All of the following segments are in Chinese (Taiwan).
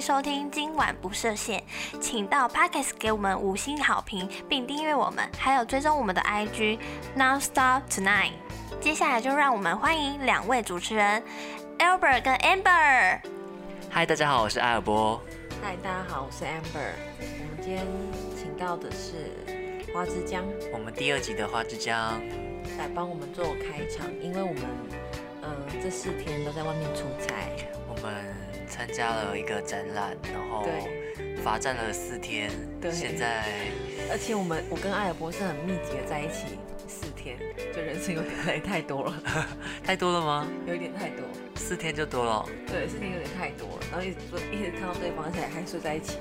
收聽今晚不設限，請到 Podcast 給我們五星好評，並訂閱我們，還有追蹤我們的 IG Nonstop Tonight。接下來就讓我們歡迎兩位主持人 Albert 跟 Amber。嗨，大家好，我是 Albert。嗨，大家好，我是 Amber。我們今天請到的是花枝漿。我們第二集的花枝漿來幫我們做開場，因為我們、呃、這四天都在外面出差。我們。參加了一個展覽，然後罰站了四天。對，現在而且我們我跟艾爾博士很密集的在一起四天，就人生有點太太多了。 太多了嗎？有一點太多，四天就多了喔？對，四天有點太多了，然後一直一直看到對方，現在還睡在一起，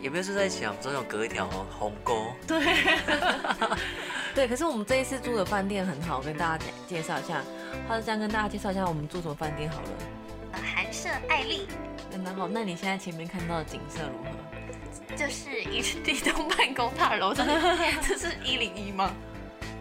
也不要睡在一起啊，中間有隔一條鴻溝。對， 對，可是我們這一次住的飯店很好，我跟大家介紹一下，花枝漿跟大家介紹一下我們住什麼飯店好了。艾麗，很、嗯、好。那你現在前面看到的景色如何？就是一棟辦公大樓，這是一零一嗎？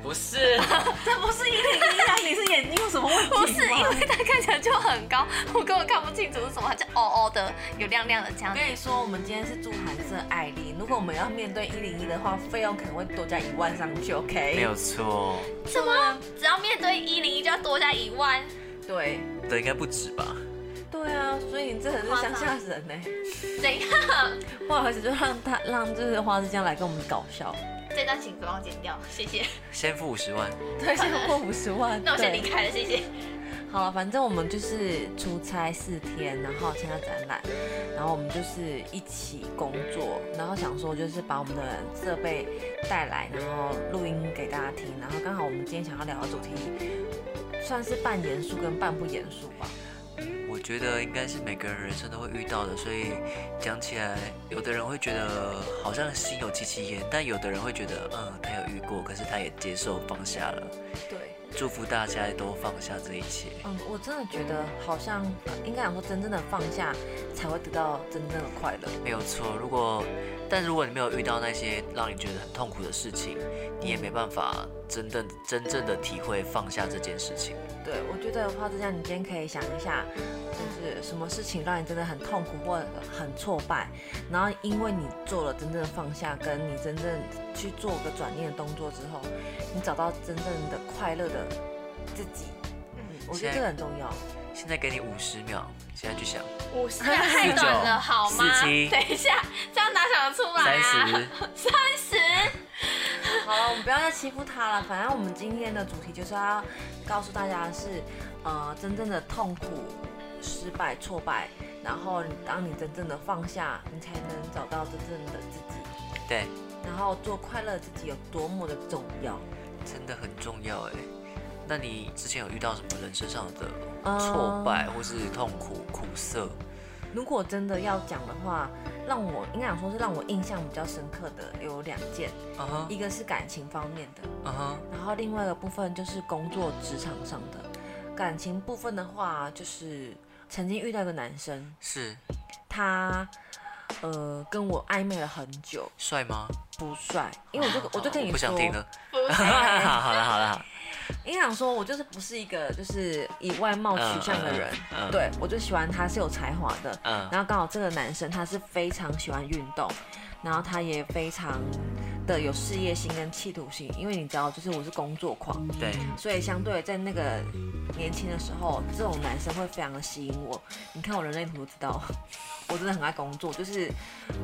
不是，啊、這不是一零一啊！ 你是眼睛有什麼問題？不是，因為它看起來就很高，我根本看不清楚是什麼，它就哦、呃、哦、呃、的有亮亮的這樣。我跟你說、嗯嗯，我們今天是住韓瑟艾麗，如果我們要面對一零一的話，費用可能會多加一萬上去，OK？沒有錯。什麼？只要面對一零一就要多加一萬？對，對，應該不止吧？對啊，所以你真的是鄉下人呢？欸，花花等一下，不好意思，就讓他讓就是花枝漿來跟我們搞笑。這段請幫我剪掉，謝謝。先付五十萬。對，先付五十萬。那我先離開了，謝謝。好了，反正我們就是出差四天，然後參加展覽，然後我們就是一起工作，然後想說就是把我們的設備帶來，然後錄音給大家聽，然後剛好我們今天想要聊的主題算是半嚴肅跟半不嚴肅吧。覺得應該是每個人人生都會遇到的，所以講起來，有的人會覺得好像心有戚戚焉，但有的人會覺得，嗯，他有遇過，可是他也接受放下了。對，祝福大家都放下這一切。嗯，我真的覺得好像應該講說，真正的放下才會得到真正的快樂。沒有錯，如果但如果你沒有遇到那些讓你覺得很痛苦的事情，你也沒辦法真正、真正的體會放下這件事情。對，我覺得的話，這樣你今天可以想一下，就是什麼事情讓你真的很痛苦或很挫敗，然後因為你做了真正的放下，跟你真正去做個轉念的動作之後，你找到真正的快樂的自己。嗯，我覺得這個很重要。現在，現在給你五十秒，現在去想。五、嗯、十秒太短了，好嗎？等一下，這樣哪想得出來啊？三十，三十。好了，我們不要再欺負他了。反正我們今天的主題就是要告訴大家的是，呃，真正的痛苦、失敗、挫敗，然後當你真正的放下，你才能找到真正的自己。對。然後做快樂自己有多麼的重要，真的很重要誒、欸，那你之前有遇到什麼人生上的挫敗或是痛苦、苦澀？嗯如果真的要講的話，讓我應該講說是讓我印象比較深刻的有兩件，uh -huh. 一個是感情方面的，uh -huh. 然後另外一個部分就是工作職場上的。感情部分的話，就是曾經遇到一個男生是，他呃跟我曖昧了很久，帥嗎？不帥，因為我這個我就跟你說，不想聽了，好了好了。 因為想說，我就是不是一個就是以外貌取向的人，uh, uh, uh, uh, 對、uh、我就喜歡他是有才華的、uh。然後剛好這個男生他是非常喜歡運動，然後他也非常的有事業心跟企圖心，因為你知道，就是我是工作狂，對，所以相對在那個年輕的時候，這種男生會非常的吸引我。你看我人類圖都知道，我真的很愛工作，就是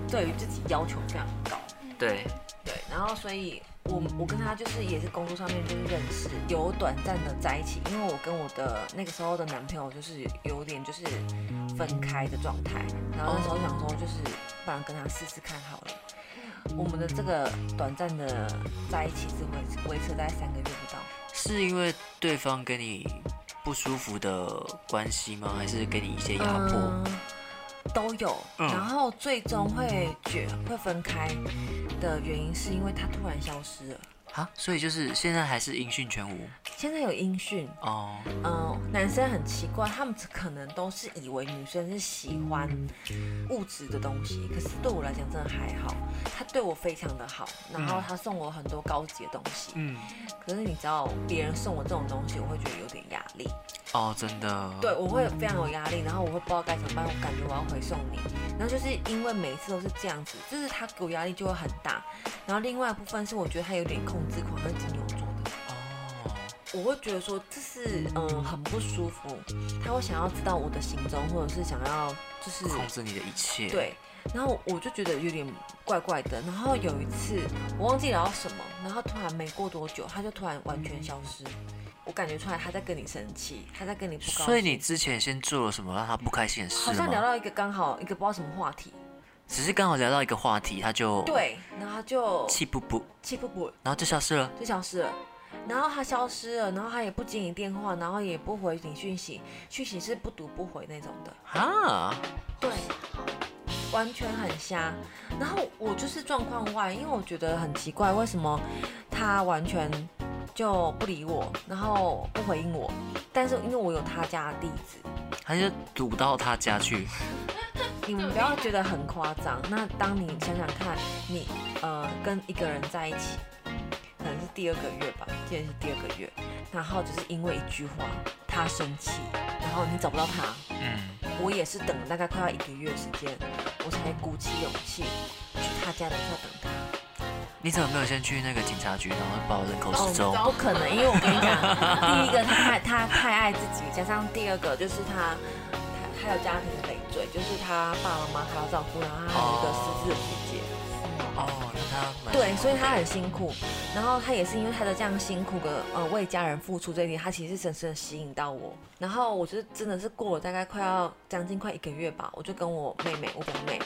對於自己要求非常高。 大對對，然後所以。我我跟他就是也是工作上面就是認識，有短暫的在一起，因為我跟我的那個時候的男朋友就是有點就是分開的狀態，然後那時候想說就是不然跟他試試看好了。Oh. 我們的這個短暫的在一起只會維持大概三個月不到。是因為對方跟你不舒服的關係嗎？還是給你一些壓迫？Uh. 都有，然後最終會捲會分開的原因，是因為他突然消失了。啊，所以就是現在還是音訊全無。現在有音訊哦，嗯、oh. 呃，男生很奇怪，他們可能都是以為女生是喜歡物質的東西，嗯，可是對我來講真的還好，他對我非常的好，然後他送我很多高級的東西，嗯，可是你知道別人送我這種東西，我會覺得有點壓力哦，oh, 真的，對，我會非常有壓力，然後我會不知道該怎麼辦，我感覺我要回送你，然後就是因為每一次都是這樣子，就是他給我壓力就會很大，然後另外一部分是我覺得他有點控。控制狂，像金牛座的哦，我會覺得說這是嗯很不舒服，他會想要知道我的行蹤，或者是想要就是控制你的一切。對，然後我就覺得有點怪怪的。然後有一次我忘記聊到什麼，然後突然沒過多久他就突然完全消失，我感覺出來他在跟你生氣，他在跟你不高興。所以你之前先做了什麼讓他不開心？好像聊到一個剛好一個不知道什麼話題。只是剛好聊到一個話題，他就對，然後就氣不不氣不不，然後就消失了，就消失了。然後他消失了，然後他也不接你電話，然後也不回你訊息，訊息是不讀不回那種的哈，對，完全很瞎。然後我就是狀況外，因為我覺得很奇怪，為什麼他完全就不理我，然後不回應我。但是因為我有他家的地址，他就堵不到他家去。你們不要覺得很誇張。那當你想想看，你呃跟一個人在一起，可能是第二個月吧，今天是第二個月，然後就是因為一句話他生氣，然後你找不到他，嗯，我也是等了大概快要一個月時間，我才鼓起勇氣去他家樓下等他。你怎麼沒有先去那個警察局，然後報人口失蹤？哦、不可能，因為我跟你講， 第一個他他，他太愛自己，加上第二個就是他他，他有家庭。嘴就是他爸爸媽媽還要照顧，然後他還有一個失智的姐姐。哦，那他蠻對，所以他很辛苦。然後他也是因為他的這樣辛苦的呃為家人付出這一點，他其實深深的吸引到我。然後我就真的是過了大概快要將近快一個月吧，我就跟我妹妹、我表妹，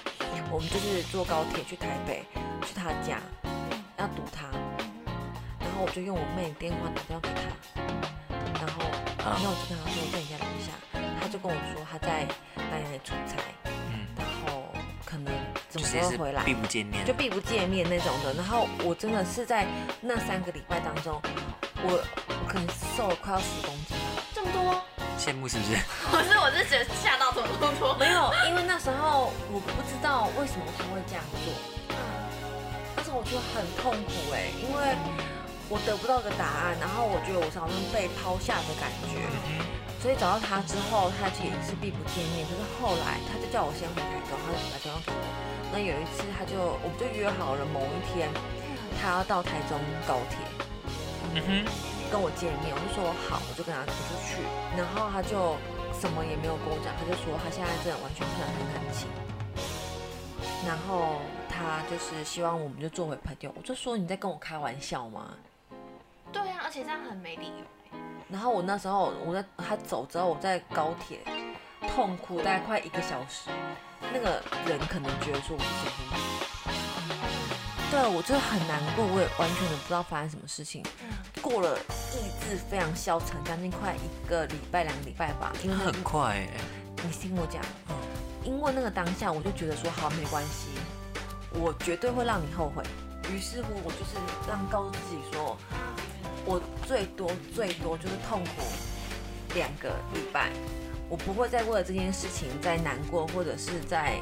我們就是坐高鐵去台北去他家，要堵他。然後我就用我妹電話打電話給他，然後、嗯、然後我就跟他說願意。嗯就跟我說他在外面出差，嗯，然後可能什麼時候回來，避、就是、不見面，就避不見面那種的。然後我真的是在那三個禮拜當中，我我可能瘦了快要十公斤，這麼多。羨慕是不是？不是，我是覺得嚇到這麼多 沒有，因為那時候我不知道為什麼他會這樣做，嗯，但是我覺得很痛苦哎，因為我得不到個答案，然後我覺得我好像被拋下的感覺。對對對。所以找到他之後，他也是避不見面。可、就是後來，他就叫我先回台中，他就來台中找我。那有一次，他就我們就約好了某一天，他要到台中高鐵、嗯哼，跟我見面。我就說好，我就跟他出去。然後他就什麼也沒有跟我講，他就說他現在真的完全不想談感情。然後他就是希望我們就做回朋友。我就說你在跟我開玩笑嗎？對啊，而且這樣很沒理由。然後我那時候，我在他走之後，我在高鐵痛哭，大概快一個小時。那個人可能覺得說我是神經病。對，我就是很難過，我也完全的不知道發生什麼事情。過了意志非常消沉，將近快一個禮拜，兩個禮拜吧。因為很快，你聽我講，嗯，因為那個當下我就覺得說，好沒關係，我絕對會讓你後悔。於是乎，我就是讓告訴自己說。我最多最多就是痛苦兩個禮拜，我不會再為了這件事情再難過或者是在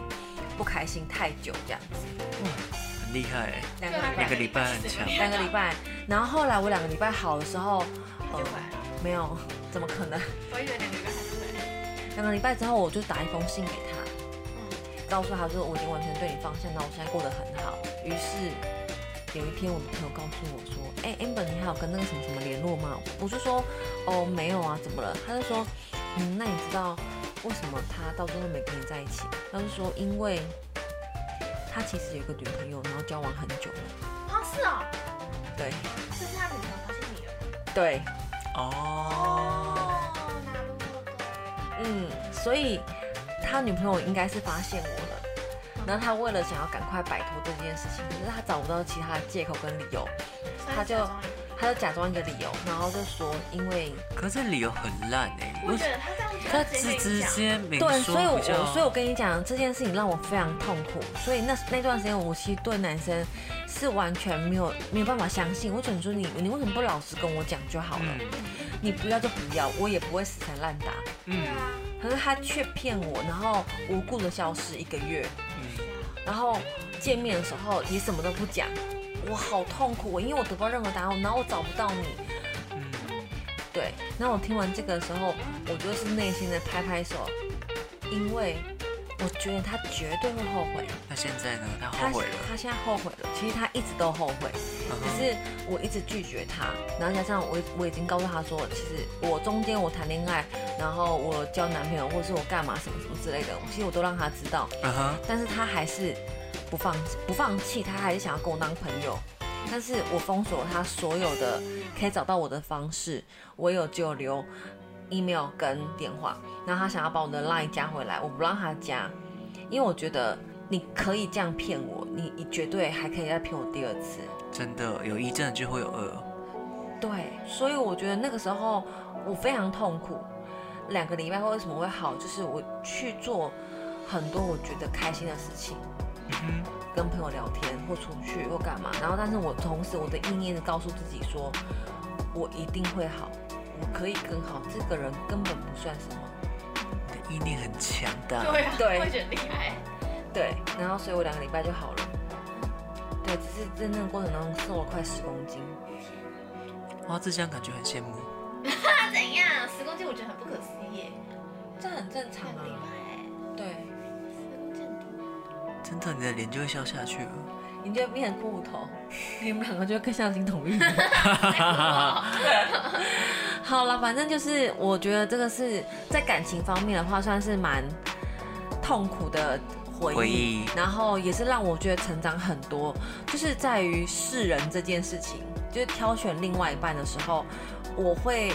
不開心太久這樣子。嗯，很厲害。兩個禮拜，兩個禮拜很強。兩個禮拜，然後後來我兩個禮拜好的時候，呃，沒有，怎麼可能？所以兩個禮拜還是沒。兩個禮拜之後，我就打一封信給他，嗯，告訴他說我已經完全對你放下，那我現在過得很好。於是。有一天，我朋友告訴我說：“哎、欸、，Amber，你還有跟那個什麼什麼聯絡嗎？”我就說：“哦，沒有啊，怎麼了？”他就說：“嗯，那你知道為什麼他到最後沒跟你在一起？”他就說：“因為他其實有一個女朋友，然後交往很久了。哦”啊，是啊、哦，對，這是他女朋友發現你了。對，哦，哦那嗯，所以他女朋友應該是發現我。那他為了想要趕快擺脫這件事情，可是他找不到其他的借口跟理由，他就他就假裝一個理由，然後就說因為，可是這理由很爛哎，他他直接對，所以我，我所以我跟你講這件事情讓我非常痛苦，嗯、所以那那段時間我其實對男生是完全沒有沒有辦法相信，我只能說你你為什麼不老實跟我講就好了、嗯，你不要就不要，我也不會死纏爛打，嗯，可是他卻騙我，然後無故的消失一個月。然後見面的時候你什麼都不講，我好痛苦，因為我得不到任何答案，然後我找不到你。嗯，對。那我聽完這個的時候，我就是內心的拍拍手，因為。我覺得他絕對會後悔。那現在呢？他後悔了他。他現在後悔了。其實他一直都後悔，uh -huh. 只是我一直拒絕他。然後加上我我已經告訴他說，其實我中間我談戀愛，然後我交男朋友，或者是我幹嘛什麼什麼之類的，其實我都讓他知道。啊、uh -huh. 但是他還是不放不放棄，他還是想要跟我當朋友。但是我封鎖他所有的可以找到我的方式，我有就留。email 跟電話，然後他想要把我的 line 加回來，我不讓他加，因為我覺得你可以這樣騙我，你你絕對還可以再騙我第二次。真的，有一陣就會有二、哦。對，所以我覺得那個時候我非常痛苦。兩個禮拜後為什麼會好，就是我去做很多我覺得開心的事情，嗯、跟朋友聊天或出去或幹嘛，然後但是我同時我的意念是告訴自己說，我一定會好。可以更好，這個人根本不算什麼。你的意念很強大。對啊，對，我覺得厲害，對。然後，所以我兩個禮拜就好了。對，只是真正過程當中瘦了快十公斤。哇，這這樣感覺很羨慕。 怎樣？十公斤我覺得很不可思議耶，這很正常、啊很。對的，真的，你的臉就會消下去了。你就面骨頭， 你們兩個就會更像金童玉女。 哎我好了，反正就是我覺得這個是在感情方面的話，算是蠻痛苦的回憶，然後也是讓我覺得成長很多，就是在於識人這件事情，就是挑選另外一半的時候，我會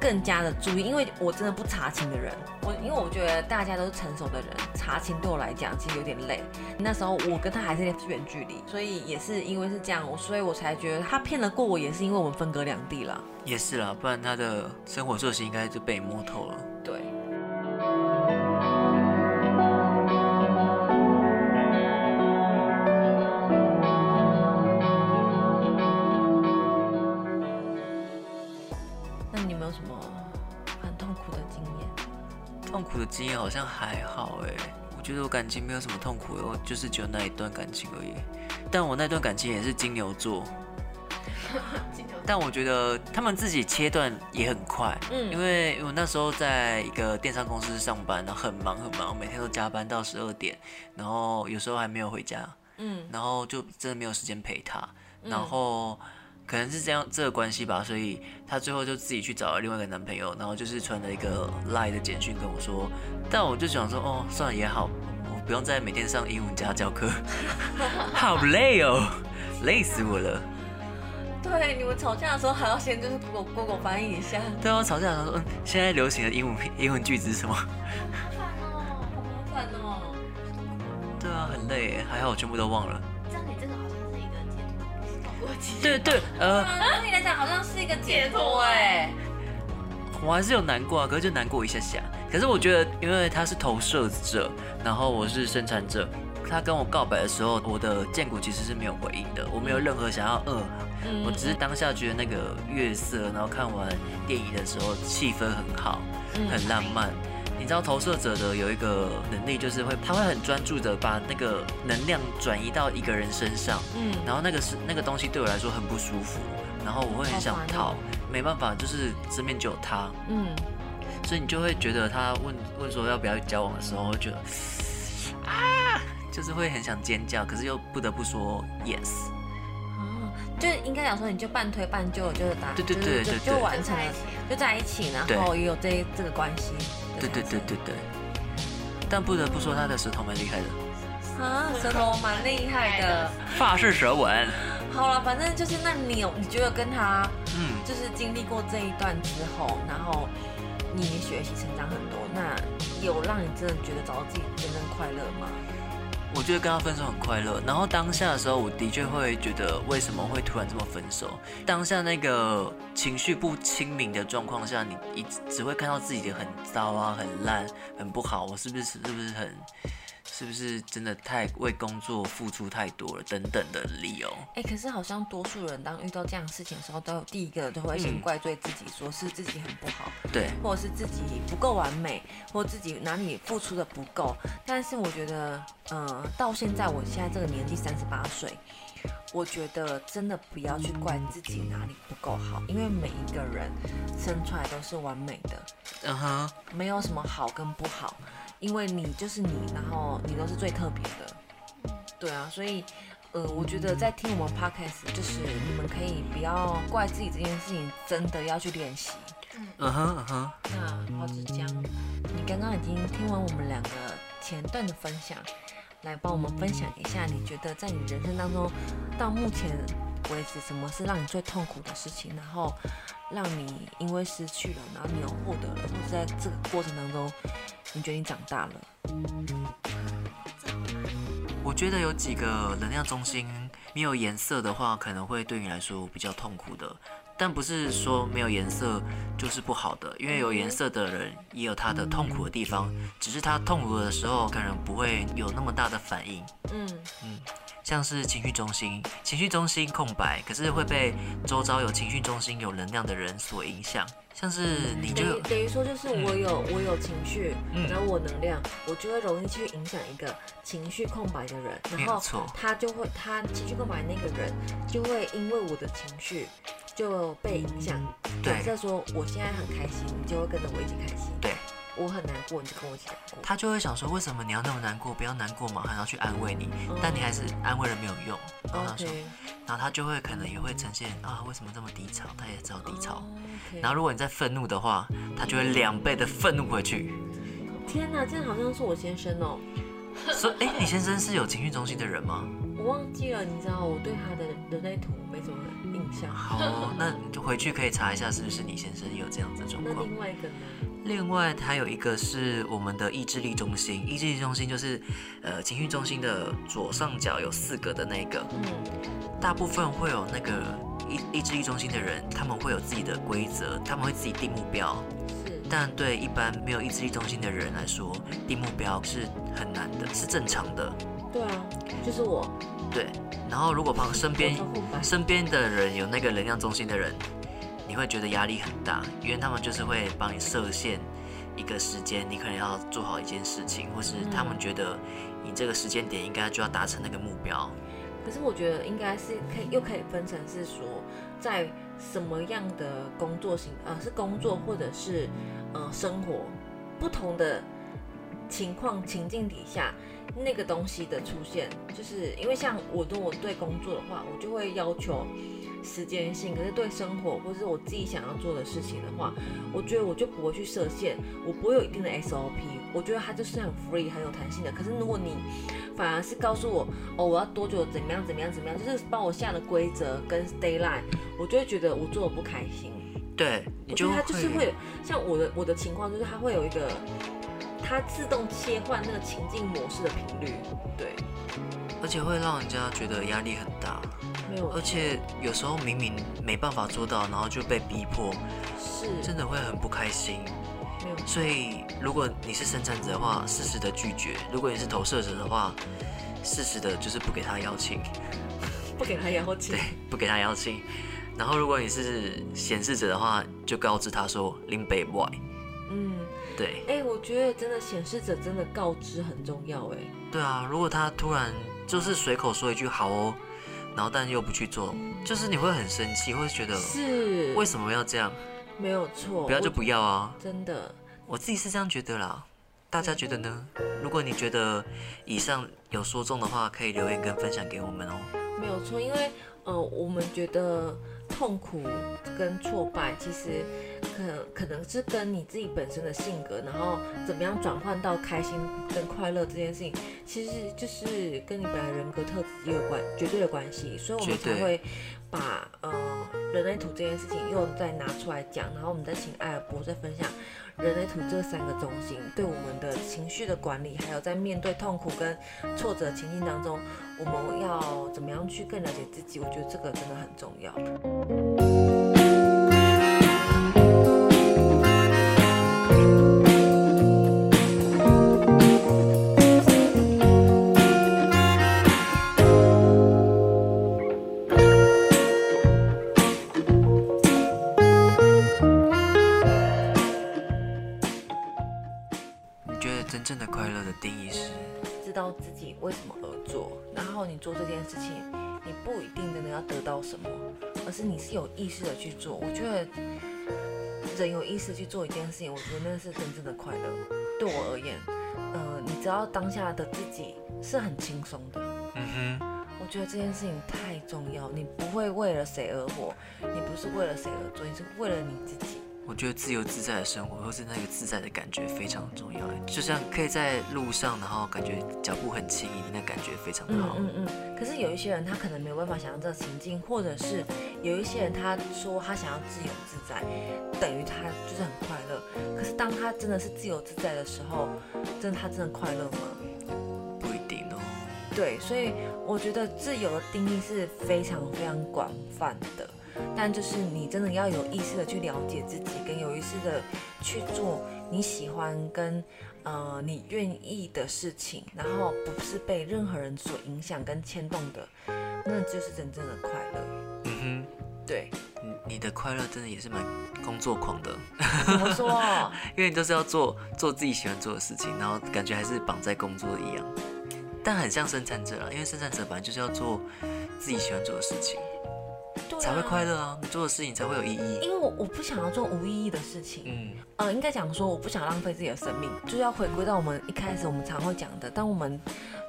更加的注意，因為我真的不查勤的人，我因為我覺得大家都是成熟的人，查勤對我來講其實有點累。那時候我跟他還是有點遠距離，所以也是因為是這樣，我所以我才覺得他騙得過我，也是因為我們分隔兩地了。也是啦，不然他的生活作息應該就被摸透了。經驗好像還好哎、欸，我覺得我感情沒有什麼痛苦的，我就是只有那一段感情而已。但我那段感情也是金牛座，但我覺得他們自己切斷也很快。嗯，因為我那時候在一個電商公司上班，然後很忙很忙，我每天都加班到十二點，然後有時候還沒有回家。嗯，然後就真的沒有時間陪他。然後。可能是這樣這個關係吧，所以他最後就自己去找了另外一個男朋友，然後就是傳了一個 LINE 的簡訊跟我說，但我就想說，哦，算了也好，我不用再每天上英文家教課，好累哦，累死我了。對，你們吵架的時候還要先就是 Google Google 翻譯一下，對啊，吵架的時候，嗯，現在流行的英文英文句子是什麼？好煩哦，好煩哦。對啊，很累，還好我全部都忘了。對對，呃，對、啊、你來講好像是一個解脫哎，我還是有難過、啊，可是就難過一下下。可是我覺得，因為他是投射者，然後我是生產者，他跟我告白的時候，我的薦骨其實是沒有回應的，我沒有任何想要呃、嗯，我只是當下覺得那個月色，然後看完電影的時候氣氛很好，很浪漫。嗯你知道投射者的有一個能力，就是會他會很專注的把那個能量轉移到一個人身上，嗯，然後那個是那個東西對我來說很不舒服，然後我會很想逃，沒辦法，就是身邊就有他，嗯，所以你就會覺得他問問說要不要交往的時候就，覺得啊，就是會很想尖叫，可是又不得不說 yes，哦、啊，就應該講說你就半推半就，就，就是打對對對，對，對，對就就，就完成就在一起，然後也有這這個關係。對對對對對，但不得不說他的舌頭蠻厲害的啊，啊、嗯，舌頭蠻厲害的，法式舌吻。好了，反正就是那你，你覺得跟他，嗯，就是經歷過這一段之後，然後你也學習成長很多，那有讓你真的覺得找到自己真正快樂嗎？我覺得跟他分手很快樂，然後當下的時候，我的確會覺得為什麼會突然這麼分手。當下那個情緒不清明的狀況下，你一直只會看到自己很糟啊、很爛、很不好。我是不是是不是很？是不是真的太為工作付出太多了等等的理由？哎、欸，可是好像多數人當遇到這樣的事情的時候，都有第一個都會先怪罪自己，說是自己很不好，對、嗯，或者是自己不夠完美，或自己哪裡付出的不夠。但是我覺得，嗯、呃，到現在我現在這個年紀三十八歲，我覺得真的不要去怪自己哪裡不夠好，因為每一個人生出來都是完美的，嗯哼，沒有什麼好跟不好。因為你就是你，然後你都是最特別的，對啊，所以，呃，我覺得在聽我們 podcast，就是你們可以不要怪自己這件事情，真的要去練習。嗯哼嗯哼。那花枝漿，你剛剛已經聽完我們兩個前段的分享，來幫我們分享一下，你覺得在你人生當中，到目前。維持什麼是讓你最痛苦的事情？然後讓你因為失去了，然後你又獲得了，或者是在這個過程當中，你覺得你長大了。我覺得有幾個能量中心沒有顏色的話，可能會對你來說比較痛苦的。但不是說沒有顏色就是不好的，因為有顏色的人也有他的痛苦的地方，只是他痛苦的時候可能不會有那麼大的反應。嗯嗯，像是情緒中心，情緒中心空白，可是會被周遭有情緒中心有能量的人所影響。像是你就等於說就是我有、嗯、我有情緒、嗯，然後我能量，我就會容易去影響一個情緒空白的人，然後他就會他情緒空白那個人就會因為我的情緒。就被影響，對，再說我現在很開心，你就會跟着我一起開心；對我很難過，你就跟我一起難過。他就會想說，為什麼你要那麼難過？不要難過嘛，還要去安慰你，嗯、但你還是安慰了沒有用。然後他說，okay, 然後他就會可能也會呈現啊，為什麼這麼低潮？他也知道低潮。嗯、okay, 然後如果你在憤怒的話，他就會兩倍的憤怒回去。天哪，這好像是我先生哦、喔。 所以，哎、欸，你先生是有情緒中心的人嗎？我忘記了，你知道我對他的人類圖沒什麼印象。 好，那回去可以查一下，是不是你先生有這樣子的狀況？那另外一個呢？另外，還有一個是我們的意志力中心，意志力中心就是呃情緒中心的左上角有四個的那個。嗯。大部分會有那個意志力中心的人，他們會有自己的規則，他們會自己定目標。是。但對一般沒有意志力中心的人來說，定目標是很難的，是正常的。對啊，就是我。對，然後如果旁身邊身邊的人有那個能量中心的人，你會覺得壓力很大，因為他們就是會幫你設限，一個時間你可能要做好一件事情，或是他們覺得你這個時間點應該就要達成那個目標。嗯，可是我覺得應該是可以，又可以分成是說在什麼樣的工作型，呃，是工作或者是呃生活不同的情況情境底下。那個東西的出現，就是因為像我跟我對工作的話，我就會要求時間性。可是對生活或是我自己想要做的事情的話，我覺得我就不會去設限，我不會有一定的 SOP，我覺得它就是很 free、很有彈性的。可是如果你反而是告訴我哦，我要多久怎麼樣怎麼樣怎麼樣，就是幫我下了規則跟 deadline，我就會覺得我做的不開心。對你，我覺得它就是會像我的我的情況，就是它會有一個。它自動切換那個情境模式的頻率，對，而且會讓人家覺得壓力很大，沒有，而且有時候明明沒辦法做到，然後就被逼迫，是，真的會很不開心，沒有。所以如果你是生產者的話，適時的拒絕；如果你是投射者的話，適、嗯、時的就是不給他邀請， 不給他邀請，對，不給他邀請。然後如果你是顯示者的話，就告知他說“林北外”，嗯。對，哎、欸，我覺得真的顯示者真的告知很重要，欸，哎。對啊，如果他突然就是隨口說一句“好哦”，然後但又不去做，嗯，就是你會很生氣，會覺得是為什麼要這樣？沒有錯，嗯，不要就不要啊！真的，我自己是這樣覺得啦。大家覺得呢？如果你覺得以上有說中的話，可以留言跟分享給我們哦。哦沒有錯，因為呃，我們覺得。痛苦跟挫敗，其實可能可能是跟你自己本身的性格，然後怎麼樣轉換到開心跟快樂這件事情，其實就是跟你本來人格特質也有關，絕對的關係，所以我們才會把呃。人類圖這件事情，又再拿出來講，然後我們再請艾爾波再分享人類圖這三個中心，對我們的情緒的管理，還有在面對痛苦跟挫折的情境當中，我們要怎麼樣去更了解自己？我覺得這個真的很重要。之前，你不一定真的要得到什麼，而是你是有意識的去做。我覺得人有意識去做一件事情，我覺得那是真正的快樂。 對我而言，呃，你知道當下的自己是很輕鬆的。嗯哼，我覺得這件事情太重要，你不會為了誰而活，你不是為了誰而做，你是為了你自己。我覺得自由自在的生活，或是那個自在的感覺非常重要。就像可以在路上，然後感覺腳步很輕盈，那感覺非常的好。嗯嗯,嗯。可是有一些人，他可能沒有辦法想像這個情境，或者是有一些人，他說他想要自由自在，等於他就是很快樂。可是當他真的是自由自在的時候，真的他真的快樂嗎？不一定哦。對，所以我覺得自由的定義是非常非常廣泛的。但就是你真的要有意識的去了解自己，跟有意識的去做你喜歡跟呃你願意的事情，然後不是被任何人所影響跟牽動的，那就是真正的快樂。嗯哼，對，嗯、你的快樂真的也是蠻工作狂的。怎麼說啊？ 因為你都是要做做自己喜歡做的事情，然後感覺還是綁在工作一樣。但很像生產者啦，因為生產者本來就是要做自己喜歡做的事情。啊、才會快樂啊！你做的事情才會有意義。因為我我不想要做無意義的事情。嗯，呃，應該講說，我不想浪費自己的生命，就是要回歸到我們一開始我們常會講的，當我們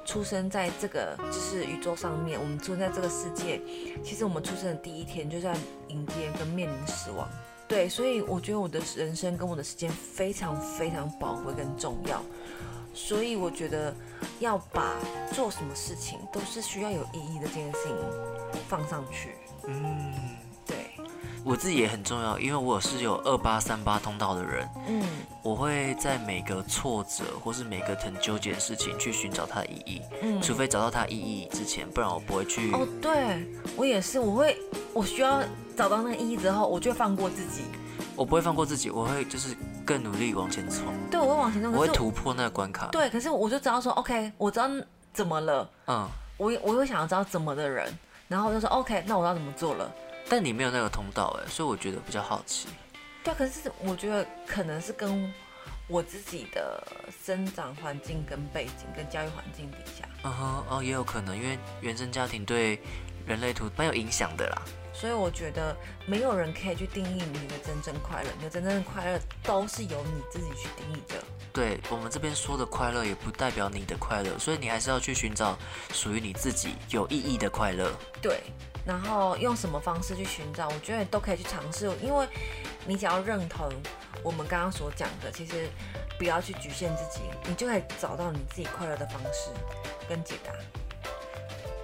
出生在這個就是宇宙上面，我們出生在這個世界，其實我們出生的第一天就在迎接跟面臨死亡。對，所以我覺得我的人生跟我的時間非常非常寶貴跟重要，所以我覺得要把做什麼事情都是需要有意義的這件事情放上去。嗯，對，我自己也很重要，因為我是有二八三八通道的人。嗯，我會在每個挫折或是每個很糾結的事情去尋找它的意義。嗯，除非找到它意義之前，不然我不會去。哦，對，我也是，我會，我需要找到那個意義之後，我就會放過自己。我不會放過自己，我會就是更努力往前衝。對，我會往前衝，我會突破那個關卡。對，可是我就知道說，OK，我知道怎麼了。嗯，我我又想要知道怎麼的人。然後我就說 OK，那我要怎麼做了？但你沒有那個通道哎，所以我覺得比較好奇。對，可是我覺得可能是跟我自己的生長環境、跟背景、跟教育環境底下，嗯哼，哦，也有可能，因為原生家庭對人類圖蠻有影響的啦。所以我覺得沒有人可以去定義你的真正快樂，你的真正的快樂都是由你自己去定義的。對，我們這邊說的快樂，也不代表你的快樂，所以你還是要去尋找屬於你自己有意義的快樂。對，然後用什麼方式去尋找，我覺得都可以去嘗試，因為你只要認同我們剛剛所講的，其實不要去局限自己，你就可以找到你自己快樂的方式跟解答。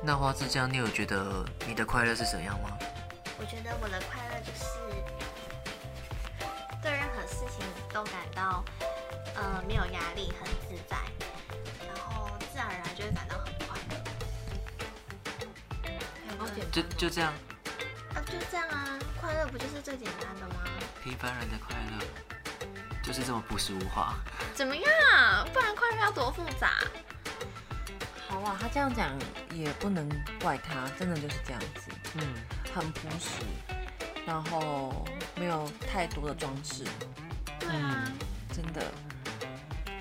那花枝漿，你有覺得你的快樂是怎樣嗎？我覺得我的快樂就是對任何事情都感到呃沒有壓力，很自在，然後自然而然就會感到很快樂。嗯啊、就就這樣。啊，就這樣啊！快樂不就是最簡單的嗎？平凡人的快樂就是這麼樸實無華。 怎麼樣？不然快樂要多複雜？好啊，他這樣講也不能怪他，真的就是這樣子。嗯。很樸實，然後沒有太多的裝飾。對、啊、真的。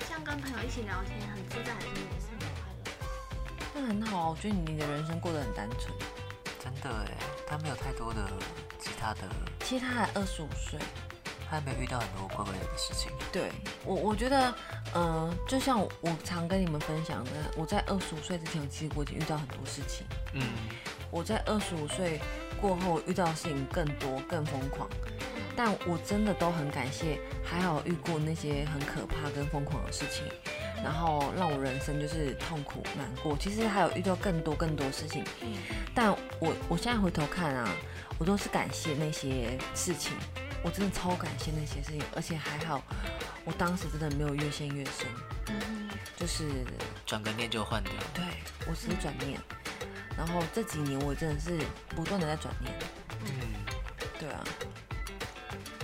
像跟朋友一起聊天，很自在，人生也是很快樂。很好，我覺得你的人生過得很單純。真的誒，他沒有太多的其他的。其實他還二十五歲，他還沒有遇到很多怪怪的事情。對，我我覺得，嗯、呃，就像我，我常跟你們分享的，我在二十五歲之前，其實我已經遇到很多事情。嗯，我在二十五歲。過後遇到的事情更多更瘋狂，嗯，但我真的都很感謝，還好遇過那些很可怕跟瘋狂的事情，嗯，然後讓我人生就是痛苦難過。其實還有遇到更多更多事情，嗯、但我我現在回頭看啊，我都是感謝那些事情，我真的超感謝那些事情，而且還好，我當時真的沒有越陷越深，嗯、就是轉個念就換掉，對我是轉念。嗯然後這幾年我真的是不斷的在轉念，嗯，對啊。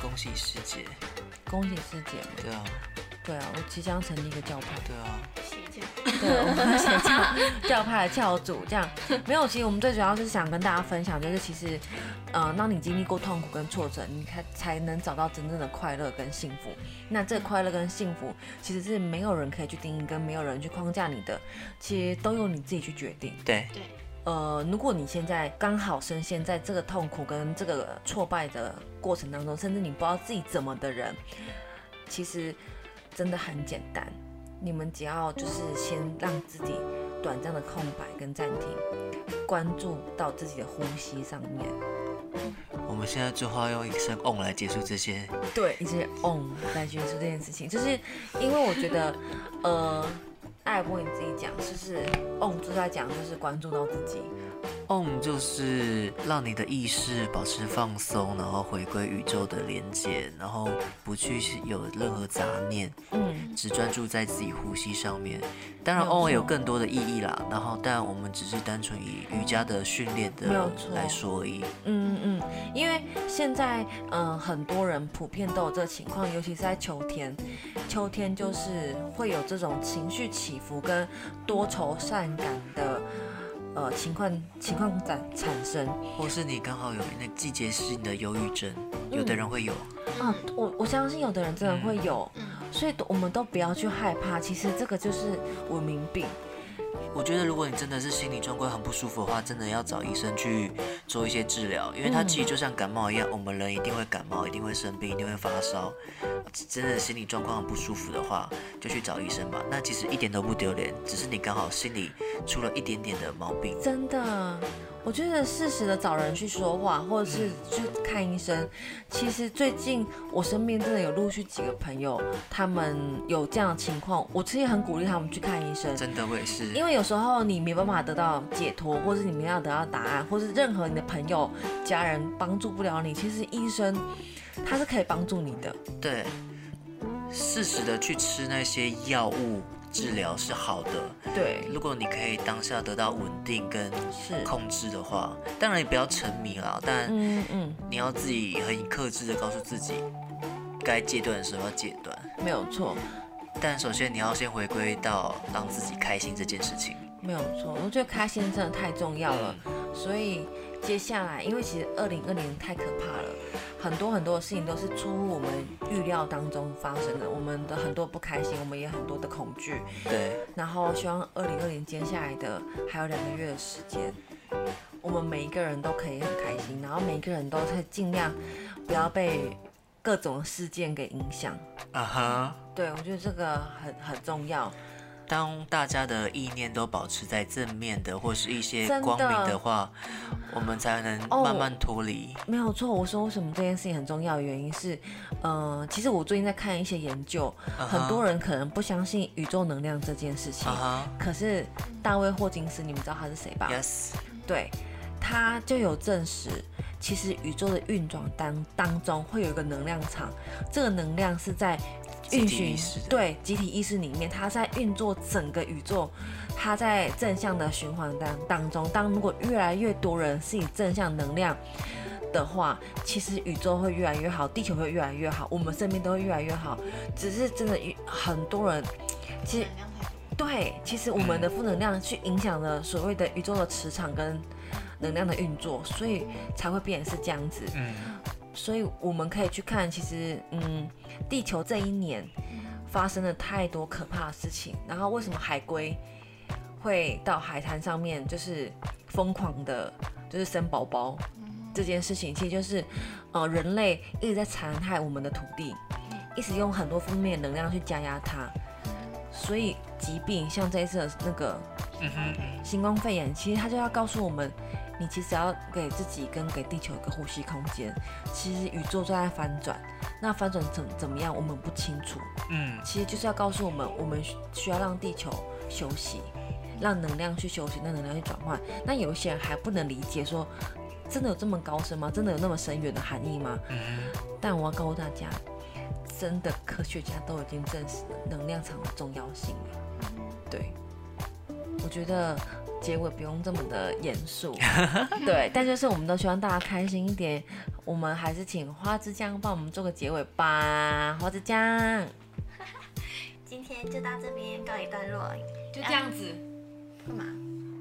恭喜師姐。恭喜師姐嘛。對啊。對啊，我即將成立一個教派。對啊。教。對啊，我們邪教 教派的教主這樣，沒有。其實我們最主要是想跟大家分享，就是其實，嗯、呃，當你經歷過痛苦跟挫折，你才才能找到真正的快樂跟幸福。那這快樂跟幸福其實是沒有人可以去定義，跟沒有人去框架你的，其實都由你自己去決定。對對。呃，如果你現在剛好深陷在這個痛苦跟這個挫敗的過程當中，甚至你不知道自己怎麼的人，其實真的很簡單。你們只要就是先讓自己短暫的空白跟暫停，關注到自己的呼吸上面。我們現在最後要用一聲 OM 來結束這些。對，一直 OM 來結束這件事情，就是因為我覺得，呃。愛不過你自己講，就是，哦、嗯，就在講，就是關注到自己。嗯，就是讓你的意識保持放鬆，然後回歸宇宙的連接，然後不去有任何雜念，嗯，只專注在自己呼吸上面。當然，OM 有、嗯、有更多的意義啦。然後，但我們只是單純以瑜伽的訓練的來說而已。嗯嗯，因為現在，嗯、呃，很多人普遍都有這情況，尤其是在秋天，秋天就是會有這種情緒起伏跟多愁善感的。呃，情況情況產產生，或是你剛好有那季節性的憂鬱症，嗯，有的人會有。啊、嗯，我我相信有的人真的會有，嗯，所以我們都不要去害怕，其實這個就是文明病。我覺得，如果你真的是心理狀況很不舒服的話，真的要找醫生去做一些治療，因為它其實就像感冒一樣，我們人一定會感冒，一定會生病，一定會發燒。啊，真的心理狀況很不舒服的話，就去找醫生吧。那其實一點都不丟臉，只是你剛好心裡出了一點點的毛病。真的。我覺得適時的找人去說話，或者是去看醫生。其實最近我身邊真的有陸續幾個朋友，他們有這樣的情況，我其實很鼓勵他們去看醫生。真的，會是。因為有時候你沒辦法得到解脫，或者你沒有得到答案，或者任何你的朋友、家人幫助不了你，其實醫生他是可以幫助你的。對，適時的去吃那些藥物。治療是好的，嗯，對。如果你可以當下得到穩定跟控制的話，當然也不要沉迷啦，但，嗯，你要自己很克制地告訴自己，該戒斷的時候要戒斷，沒有錯。但首先你要先回歸到讓自己開心這件事情，沒有錯。我覺得開心真的太重要了，所以，接下來，因為其實二零二零太可怕了，很多很多事情都是出乎我們預料當中發生的。我們的很多不開心，我們也很多的恐懼。對。然後希望二零二零接下來的還有兩個月的時間，我們每一個人都可以很開心，然後每一個人都會儘量不要被各種事件給影響。啊哈。對，我覺得這個很很重要。當大家的意念都保持在正面的，或是一些光明的話，真的。我們才能慢慢脫離。Oh, 沒有錯，我說為什麼這件事情很重要的原因是，嗯、呃，其實我最近在看一些研究，uh -huh. 很多人可能不相信宇宙能量這件事情，uh -huh. 可是大衛霍金斯，你們知道他是誰吧？Yes。對，他就有證實，其實宇宙的運轉當當中會有一個能量場，這個能量是在。運行對集體意識裡面，它在運作整個宇宙，它在正向的循環當當中。當如果越來越多人是以正向能量的話，其實宇宙會越來越好，地球會越來越好，我們身邊都會越來越好。只是真的，很多人，其實對，其實我們的負能量去影響了所謂的宇宙的磁場跟能量的運作，所以才會變成是這樣子。嗯。所以我們可以去看，其實，嗯，地球這一年發生了太多可怕的事情。然後為什麼海龜會到海灘上面，就是瘋狂的，就是生寶寶這件事情，其實就是，呃，人類一直在殘害我們的土地，一直用很多負面能量去加壓它。所以疾病像這一次的那個，嗯哼，新冠肺炎，其實它就要告訴我們。你其實要給自己跟給地球一個呼吸空間。其實宇宙正在翻轉，那翻轉怎怎麼樣，我們不清楚。嗯，其實就是要告訴我們，我們需要讓地球休息，讓能量去休息，讓能量去轉換。那有些人還不能理解說，說真的有這麼高深嗎？真的有那麼深遠的含義嗎？但我要告訴大家，真的科學家都已經證實了能量場的重要性了。對。我覺得結尾不用這麼的嚴肅，對，但就是我們都希望大家開心一點。我們還是請花枝漿幫我們做個結尾吧，花枝漿。今天就到這邊告一段落，就這樣子。啊、幹嘛？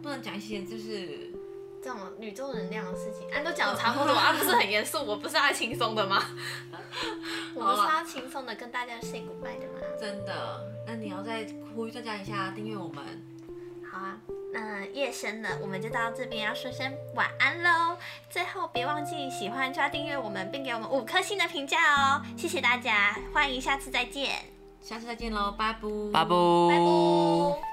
不能講一些就是這種宇宙能量的事情？啊，都講的差不多了 啊，不是很嚴肅？我不是愛輕鬆的嗎？ 我不是說要輕鬆的跟大家 say goodbye 的嗎？真的，那你要再呼籲大家一下訂閱我們。好啊，那、呃、夜深了，我們就到這邊要說聲晚安嘍。最後別忘記喜歡，加訂閱我們，並給我們五顆星的評價哦，謝謝大家，歡迎下次再見，下次再見嘍，拜拜拜拜。拜拜。